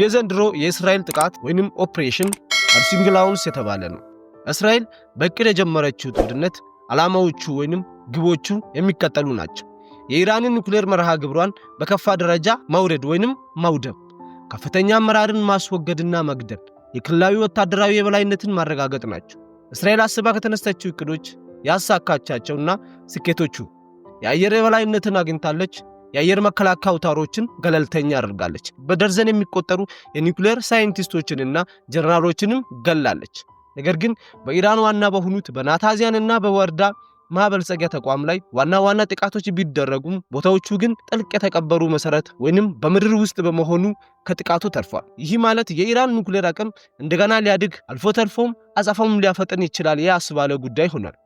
የዘንድሮ የእስራኤል ጥቃት ወይንም ኦፕሬሽን አርሲንግላውንስ የተባለ ነው። እስራኤል በእቅድ የጀመረችው ጦርነት ዓላማዎቹ ወይንም ግቦቹ የሚቀጠሉ ናቸው። የኢራንን ኒኩሌር መርሃ ግብሯን በከፋ ደረጃ ማውረድ ወይንም ማውደም፣ ከፍተኛ አመራርን ማስወገድና መግደል፣ የክልላዊ ወታደራዊ የበላይነትን ማረጋገጥ ናቸው። እስራኤል አስባ ከተነስተችው እቅዶች ያሳካቻቸውና ስኬቶቹ የአየር የበላይነትን አግኝታለች። የአየር መከላከያ አውታሮችን ገለልተኛ አድርጋለች። በደርዘን የሚቆጠሩ የኒውክሌር ሳይንቲስቶችንና ጀነራሎችንም ገላለች። ነገር ግን በኢራን ዋና በሆኑት በናታዚያንና በወርዳ ማበልጸጊያ ተቋም ላይ ዋና ዋና ጥቃቶች ቢደረጉም ቦታዎቹ ግን ጥልቅ የተቀበሩ መሰረት ወይንም በምድር ውስጥ በመሆኑ ከጥቃቱ ተርፏል። ይህ ማለት የኢራን ኑክሌር አቅም እንደገና ሊያድግ አልፎ ተርፎም አጸፋውም ሊያፈጥን ይችላል ያስባለ ጉዳይ ሆኗል።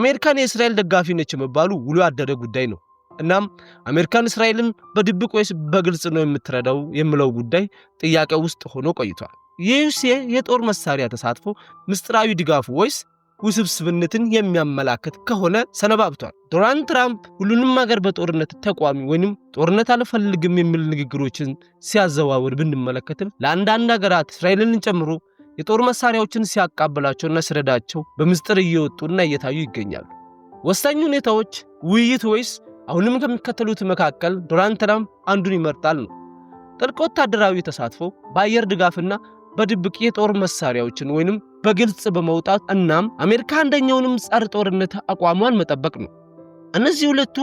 አሜሪካን የእስራኤል ደጋፊ ነች መባሉ ውሎ ያደረ ጉዳይ ነው። እናም አሜሪካን እስራኤልን በድብቅ ወይስ በግልጽ ነው የምትረዳው የሚለው ጉዳይ ጥያቄ ውስጥ ሆኖ ቆይቷል። የዩሴ የጦር መሳሪያ ተሳትፎ ምስጢራዊ ድጋፉ ወይስ ውስብስብነትን የሚያመላክት ከሆነ ሰነባብቷል። ዶናልድ ትራምፕ ሁሉንም ሀገር በጦርነት ተቋሚ ወይም ጦርነት አልፈልግም የሚል ንግግሮችን ሲያዘዋውር ብንመለከትም ለአንዳንድ ሀገራት እስራኤልን ጨምሮ የጦር መሳሪያዎችን ሲያቃብላቸውና ሲረዳቸው በምስጢር እየወጡና እየታዩ ይገኛሉ። ወሳኝ ሁኔታዎች ውይይት ወይስ አሁንም ከሚከተሉት መካከል ዶናልድ ትራምፕ አንዱን ይመርጣል ነው። ጥልቅ ወታደራዊ ተሳትፎ፣ በአየር ድጋፍና በድብቅ የጦር መሳሪያዎችን ወይንም በግልጽ በመውጣት እናም አሜሪካ አንደኛውንም ጸረ ጦርነት አቋሟን መጠበቅ ነው። እነዚህ ሁለቱ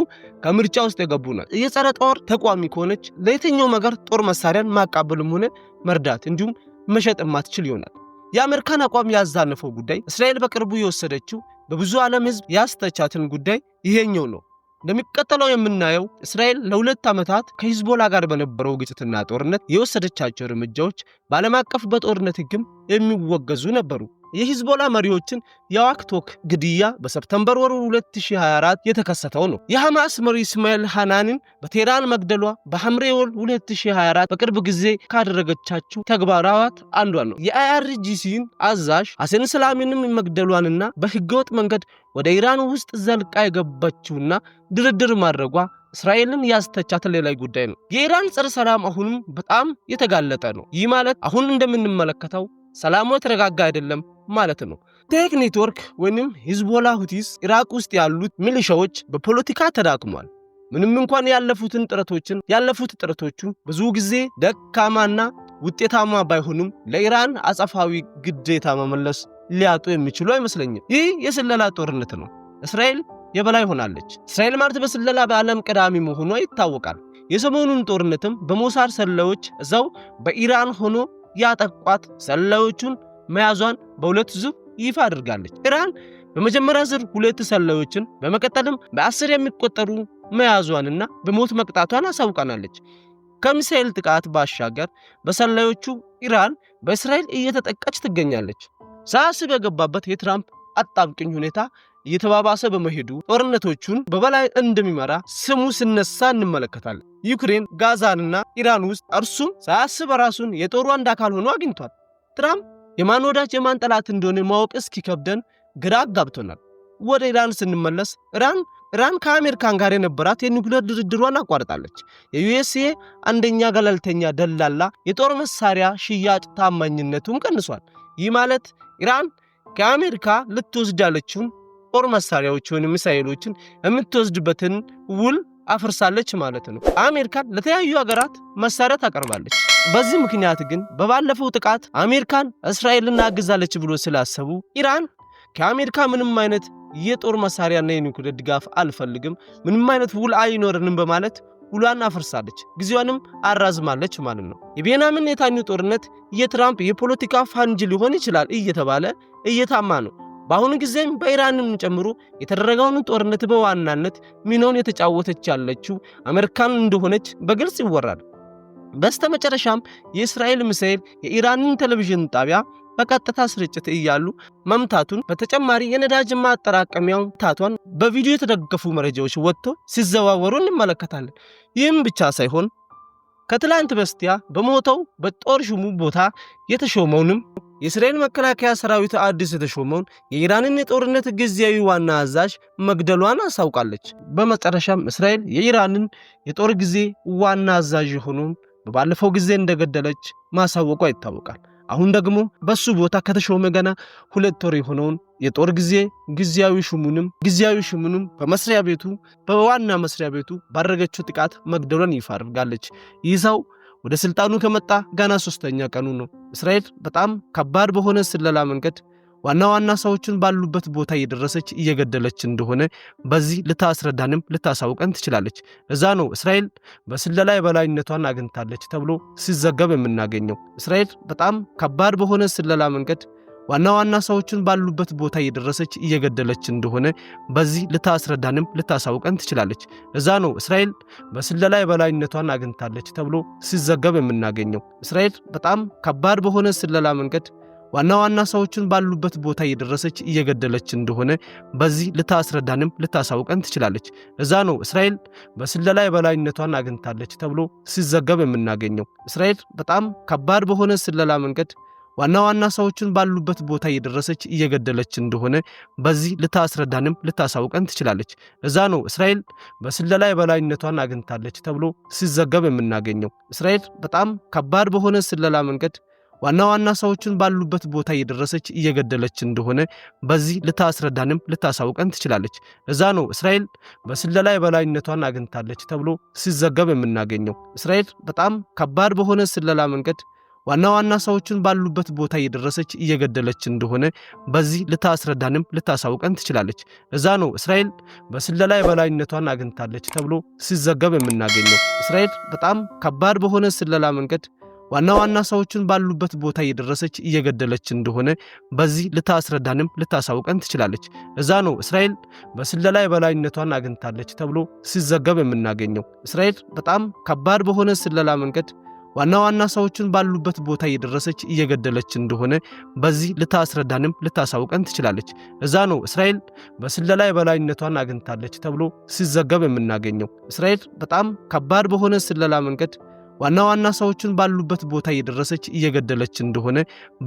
ከምርጫ ውስጥ የገቡ ናቸው። የጸረ ጦር ተቋሚ ከሆነች ለየትኛው ነገር ጦር መሳሪያን ማቃበልም ሆነ መርዳት እንዲሁም መሸጥ ማትችል ይሆናል። የአሜሪካን አቋም ያዛነፈው ጉዳይ እስራኤል በቅርቡ የወሰደችው በብዙ ዓለም ሕዝብ ያስተቻትን ጉዳይ ይሄኛው ነው። እንደሚቀጠለው የምናየው እስራኤል ለሁለት ዓመታት ከሂዝቦላ ጋር በነበረው ግጭትና ጦርነት የወሰደቻቸው እርምጃዎች በዓለም አቀፍ በጦርነት ሕግም የሚወገዙ ነበሩ። የሂዝቦላ መሪዎችን የዋክቶክ ግድያ በሰፕተምበር ወር 2024 የተከሰተው ነው። የሐማስ መሪ እስማኤል ሃናንን በቴህራን መግደሏ በሐምሌ ወር 2024 በቅርብ ጊዜ ካደረገቻቸው ተግባራት አንዷ ነው። የአይአርጂሲን አዛዥ ሐሰን ስላሚንም መግደሏንና በህገወጥ መንገድ ወደ ኢራን ውስጥ ዘልቃ የገባችውና ድርድር ማድረጓ እስራኤልን ያስተቻት ሌላይ ጉዳይ ነው። የኢራን ጸረ ሰላም አሁንም በጣም የተጋለጠ ነው። ይህ ማለት አሁን እንደምንመለከተው ሰላሙ የተረጋጋ አይደለም ማለት ነው። ቴክ ኔትወርክ ወይም ሂዝቦላ ሁቲስ ኢራቅ ውስጥ ያሉት ሚሊሻዎች በፖለቲካ ተዳክሟል። ምንም እንኳን ያለፉትን ጥረቶችን ያለፉት ጥረቶቹ ብዙ ጊዜ ደካማና ውጤታማ ባይሆኑም ለኢራን አጸፋዊ ግዴታ መመለስ ሊያጡ የሚችሉ አይመስለኝም። ይህ የስለላ ጦርነት ነው። እስራኤል የበላይ ሆናለች። እስራኤል ማለት በስለላ በዓለም ቀዳሚ መሆኗ ይታወቃል። የሰሞኑን ጦርነትም በሞሳድ ሰላዮች እዛው በኢራን ሆኖ ያጠቋት ሰላዮቹን መያዟን በሁለት ዙር ይፋ አድርጋለች። ኢራን በመጀመሪያ ዙር ሁለት ሰላዮችን በመቀጠልም በአስር የሚቆጠሩ መያዟንና በሞት መቅጣቷን አሳውቃናለች። ከሚሳኤል ጥቃት ባሻገር በሰላዮቹ ኢራን በእስራኤል እየተጠቃች ትገኛለች። ሳያስብ የገባበት የትራምፕ አጣብቅኝ ሁኔታ እየተባባሰ በመሄዱ ጦርነቶቹን በበላይ እንደሚመራ ስሙ ሲነሳ እንመለከታለን። ዩክሬን፣ ጋዛንና ኢራን ውስጥ እርሱም ሳያስብ ራሱን የጦሩ አንድ አካል ሆኖ አግኝቷል። ትራምፕ የማን ወዳጅ የማን ጠላት እንደሆነ ማወቅ እስኪከብደን ግራ አጋብቶናል። ወደ ኢራን ስንመለስ ኢራን ኢራን ከአሜሪካን ጋር የነበራት የኒውክሌር ድርድሯን አቋርጣለች። የዩኤስኤ አንደኛ ገለልተኛ ደላላ የጦር መሳሪያ ሽያጭ ታማኝነቱም ቀንሷል። ይህ ማለት ኢራን ከአሜሪካ ልትወስድ ያለችውን ጦር መሳሪያዎችን፣ ሚሳይሎችን የምትወስድበትን ውል አፍርሳለች ማለት ነው። አሜሪካን ለተለያዩ ሀገራት መሳሪያ ታቀርባለች። በዚህ ምክንያት ግን በባለፈው ጥቃት አሜሪካን እስራኤል እናግዛለች ብሎ ስላሰቡ ኢራን ከአሜሪካ ምንም አይነት የጦር መሳሪያና የኒውክሌር ድጋፍ አልፈልግም፣ ምንም አይነት ውል አይኖረንም በማለት ውሏን አፍርሳለች ጊዜዋንም አራዝማለች ማለት ነው። የቤንያሚን ኔታንያሁ ጦርነት የትራምፕ የፖለቲካ ፋንጅ ሊሆን ይችላል እየተባለ እየታማ ነው። በአሁኑ ጊዜም በኢራንን ጨምሮ የተደረገውን ጦርነት በዋናነት ሚናውን የተጫወተች ያለችው አሜሪካን እንደሆነች በግልጽ ይወራል። በስተመጨረሻም የእስራኤል ሚሳኤል የኢራንን ቴሌቪዥን ጣቢያ በቀጥታ ስርጭት እያሉ መምታቱን በተጨማሪ የነዳጅ ማጠራቀሚያው ታቷን በቪዲዮ የተደገፉ መረጃዎች ወጥቶ ሲዘዋወሩ እንመለከታለን። ይህም ብቻ ሳይሆን ከትላንት በስቲያ በሞተው በጦር ሹሙ ቦታ የተሾመውንም የእስራኤል መከላከያ ሰራዊት አዲስ የተሾመውን የኢራንን የጦርነት ጊዜያዊ ዋና አዛዥ መግደሏን አሳውቃለች። በመጨረሻም እስራኤል የኢራንን የጦር ጊዜ ዋና አዛዥ የሆኑን በባለፈው ጊዜ እንደገደለች ማሳወቋ ይታወቃል። አሁን ደግሞ በሱ ቦታ ከተሾመ ገና ሁለት ወር የሆነውን የጦር ጊዜ ጊዜያዊ ሹሙንም ጊዜያዊ ሹሙንም በመስሪያ ቤቱ በዋና መስሪያ ቤቱ ባደረገችው ጥቃት መግደሏን ይፋ አድርጋለች። ይህ ሰው ወደ ስልጣኑ ከመጣ ገና ሶስተኛ ቀኑ ነው። እስራኤል በጣም ከባድ በሆነ ስለላ መንገድ ዋና ዋና ሰዎችን ባሉበት ቦታ እየደረሰች እየገደለች እንደሆነ በዚህ ልታስረዳንም ልታሳውቀን ትችላለች። እዛ ነው እስራኤል በስለላ የበላይነቷን አግኝታለች ተብሎ ሲዘገብ የምናገኘው። እስራኤል በጣም ከባድ በሆነ ስለላ መንገድ ዋና ዋና ሰዎችን ባሉበት ቦታ እየደረሰች እየገደለች እንደሆነ በዚህ ልታስረዳንም ልታሳውቀን ትችላለች። እዛ ነው እስራኤል በስለላ የበላይነቷን አግኝታለች ተብሎ ሲዘገብ የምናገኘው። እስራኤል በጣም ከባድ በሆነ ስለላ መንገድ ዋና ዋና ሰዎችን ባሉበት ቦታ እየደረሰች እየገደለች እንደሆነ በዚህ ልታስረዳንም ልታሳውቀን ትችላለች። እዛ ነው እስራኤል በስለላ የበላይነቷን አግኝታለች ተብሎ ሲዘገብ የምናገኘው። እስራኤል በጣም ከባድ በሆነ ስለላ መንገድ ዋና ዋና ሰዎችን ባሉበት ቦታ እየደረሰች እየገደለች እንደሆነ በዚህ ልታስረዳንም ልታሳውቀን ትችላለች። እዛ ነው እስራኤል በስለላ የበላይነቷን አግኝታለች ተብሎ ሲዘገብ የምናገኘው። እስራኤል በጣም ከባድ በሆነ ስለላ መንገድ ዋና ዋና ሰዎችን ባሉበት ቦታ እየደረሰች እየገደለች እንደሆነ በዚህ ልታስረዳንም ልታሳውቀን ትችላለች። እዛ ነው እስራኤል በስለላ የበላይነቷን አግኝታለች ተብሎ ሲዘገብ የምናገኘው። እስራኤል በጣም ከባድ በሆነ ስለላ መንገድ ዋና ዋና ሰዎችን ባሉበት ቦታ እየደረሰች እየገደለች እንደሆነ በዚህ ልታስረዳንም ልታሳውቀን ትችላለች። እዛ ነው እስራኤል በስለላ የበላይነቷን አግኝታለች ተብሎ ሲዘገብ የምናገኘው። እስራኤል በጣም ከባድ በሆነ ስለላ መንገድ ዋና ዋና ሰዎችን ባሉበት ቦታ እየደረሰች እየገደለች እንደሆነ በዚህ ልታስረዳንም ልታሳውቀን ትችላለች። እዛ ነው እስራኤል በስለላ የበላይነቷን አግኝታለች ተብሎ ሲዘገብ የምናገኘው። እስራኤል በጣም ከባድ በሆነ ስለላ መንገድ ዋና ዋና ሰዎችን ባሉበት ቦታ እየደረሰች እየገደለች እንደሆነ በዚህ ልታስረዳንም ልታሳውቀን ትችላለች። እዛ ነው እስራኤል በስለላ የበላይነቷን አግኝታለች ተብሎ ሲዘገብ የምናገኘው። እስራኤል በጣም ከባድ በሆነ ስለላ መንገድ ዋና ዋና ሰዎችን ባሉበት ቦታ እየደረሰች እየገደለች እንደሆነ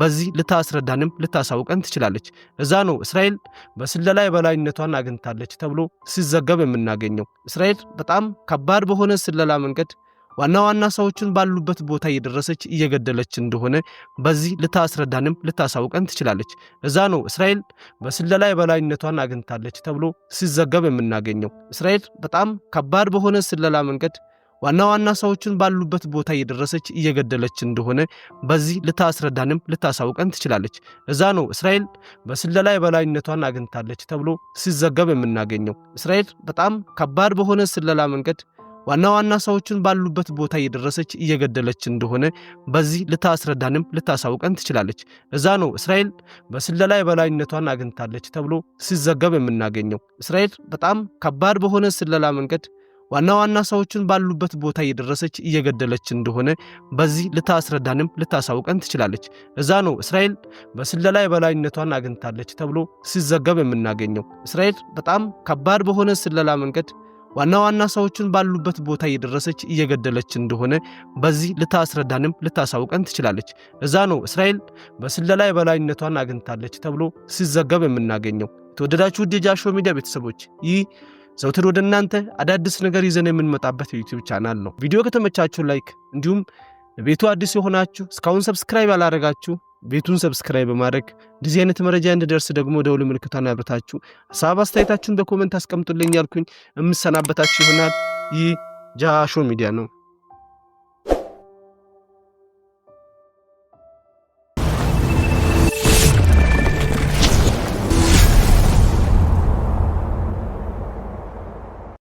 በዚህ ልታስረዳንም ልታሳውቀን ትችላለች። እዛ ነው እስራኤል በስለላ የበላይነቷን አግኝታለች ተብሎ ሲዘገብ የምናገኘው። እስራኤል በጣም ከባድ በሆነ ስለላ መንገድ ዋና ዋና ሰዎችን ባሉበት ቦታ እየደረሰች እየገደለች እንደሆነ በዚህ ልታስረዳንም ልታሳውቀን ትችላለች። እዛ ነው እስራኤል በስለላ የበላይነቷን አግኝታለች ተብሎ ሲዘገብ የምናገኘው። እስራኤል በጣም ከባድ በሆነ ስለላ መንገድ ዋና ዋና ሰዎችን ባሉበት ቦታ እየደረሰች እየገደለች እንደሆነ በዚህ ልታስረዳንም ልታሳውቀን ትችላለች። እዛ ነው እስራኤል በስለላ የበላይነቷን አግኝታለች ተብሎ ሲዘገብ የምናገኘው። እስራኤል በጣም ከባድ በሆነ ስለላ መንገድ ዋና ዋና ሰዎችን ባሉበት ቦታ እየደረሰች እየገደለች እንደሆነ በዚህ ልታስረዳንም ልታሳውቀን ትችላለች። እዛ ነው እስራኤል በስለላ የበላይነቷን አግኝታለች ተብሎ ሲዘገብ የምናገኘው። እስራኤል በጣም ከባድ በሆነ ስለላ መንገድ ዋና ዋና ሰዎችን ባሉበት ቦታ እየደረሰች እየገደለች እንደሆነ በዚህ ልታስረዳንም ልታሳውቀን ትችላለች። እዛ ነው እስራኤል በስለላ የበላይነቷን አግኝታለች ተብሎ ሲዘገብ የምናገኘው። እስራኤል በጣም ከባድ በሆነ ስለላ መንገድ ዋና ዋና ሰዎችን ባሉበት ቦታ እየደረሰች እየገደለች እንደሆነ በዚህ ልታስረዳንም ልታሳውቀን ትችላለች። እዛ ነው እስራኤል በስለላ የበላይነቷን አግኝታለች ተብሎ ሲዘገብ የምናገኘው። የተወደዳችሁ ውድ የጃሾ ሚዲያ ቤተሰቦች ይህ ዘውትር ወደ እናንተ አዳዲስ ነገር ይዘን የምንመጣበት የዩቲዩብ ቻናል ነው። ቪዲዮ ከተመቻችሁ ላይክ፣ እንዲሁም ቤቱ አዲስ የሆናችሁ እስካሁን ሰብስክራይብ ያላረጋችሁ ቤቱን ሰብስክራይብ በማድረግ እንደዚህ አይነት መረጃ እንድደርስ ደግሞ ደውል ምልክቷን ያብርታችሁ። ሀሳብ አስተያየታችሁን በኮመንት አስቀምጡልኝ ያልኩኝ የምሰናበታችሁ ይሆናል። ይህ ጃሾ ሚዲያ ነው።